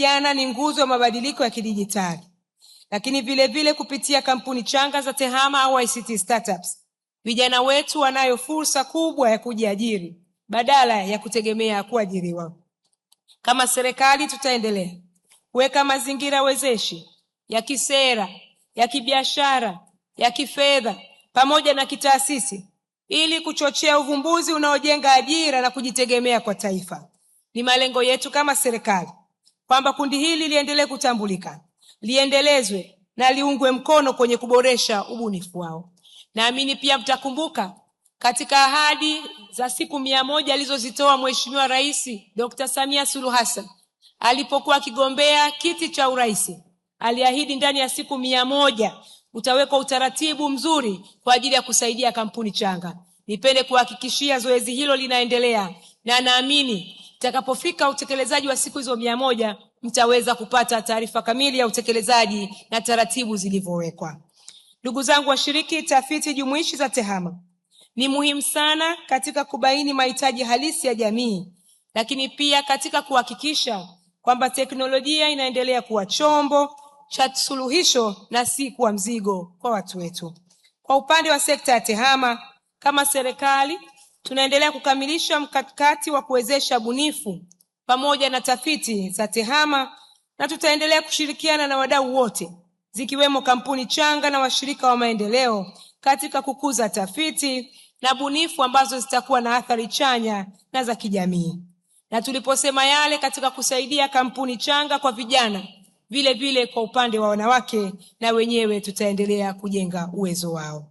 vijana ni nguzo ya mabadiliko ya kidijitali, lakini vile vile kupitia kampuni changa za TEHAMA au ICT startups, vijana wetu wanayo fursa kubwa ya kujiajiri badala ya kutegemea kuajiriwa. Kama serikali, tutaendelea kuweka mazingira wezeshi ya kisera, ya kibiashara, ya kifedha pamoja na kitaasisi ili kuchochea uvumbuzi unaojenga ajira na kujitegemea kwa taifa. Ni malengo yetu kama serikali kwamba kundi hili liendelee kutambulika, liendelezwe na liungwe mkono kwenye kuboresha ubunifu wao. Naamini pia mtakumbuka katika ahadi za siku mia moja alizozitoa Mheshimiwa Rais Dr. Samia Suluhu Hassan alipokuwa akigombea kiti cha urais, aliahidi ndani ya siku mia moja utawekwa utaratibu mzuri kwa ajili ya kusaidia kampuni changa. Nipende kuhakikishia zoezi hilo linaendelea na naamini Itakapofika utekelezaji wa siku hizo mia moja mtaweza kupata taarifa kamili ya utekelezaji na taratibu zilivyowekwa. Ndugu zangu washiriki, tafiti jumuishi za TEHAMA ni muhimu sana katika kubaini mahitaji halisi ya jamii, lakini pia katika kuhakikisha kwamba teknolojia inaendelea kuwa chombo cha suluhisho na si kuwa mzigo kwa watu wetu. Kwa upande wa sekta ya TEHAMA, kama serikali tunaendelea kukamilisha mkakati wa kuwezesha bunifu pamoja na tafiti za TEHAMA na tutaendelea kushirikiana na wadau wote zikiwemo kampuni changa na washirika wa maendeleo katika kukuza tafiti na bunifu ambazo zitakuwa na athari chanya na za kijamii. Na tuliposema yale katika kusaidia kampuni changa kwa vijana, vile vile kwa upande wa wanawake, na wenyewe tutaendelea kujenga uwezo wao.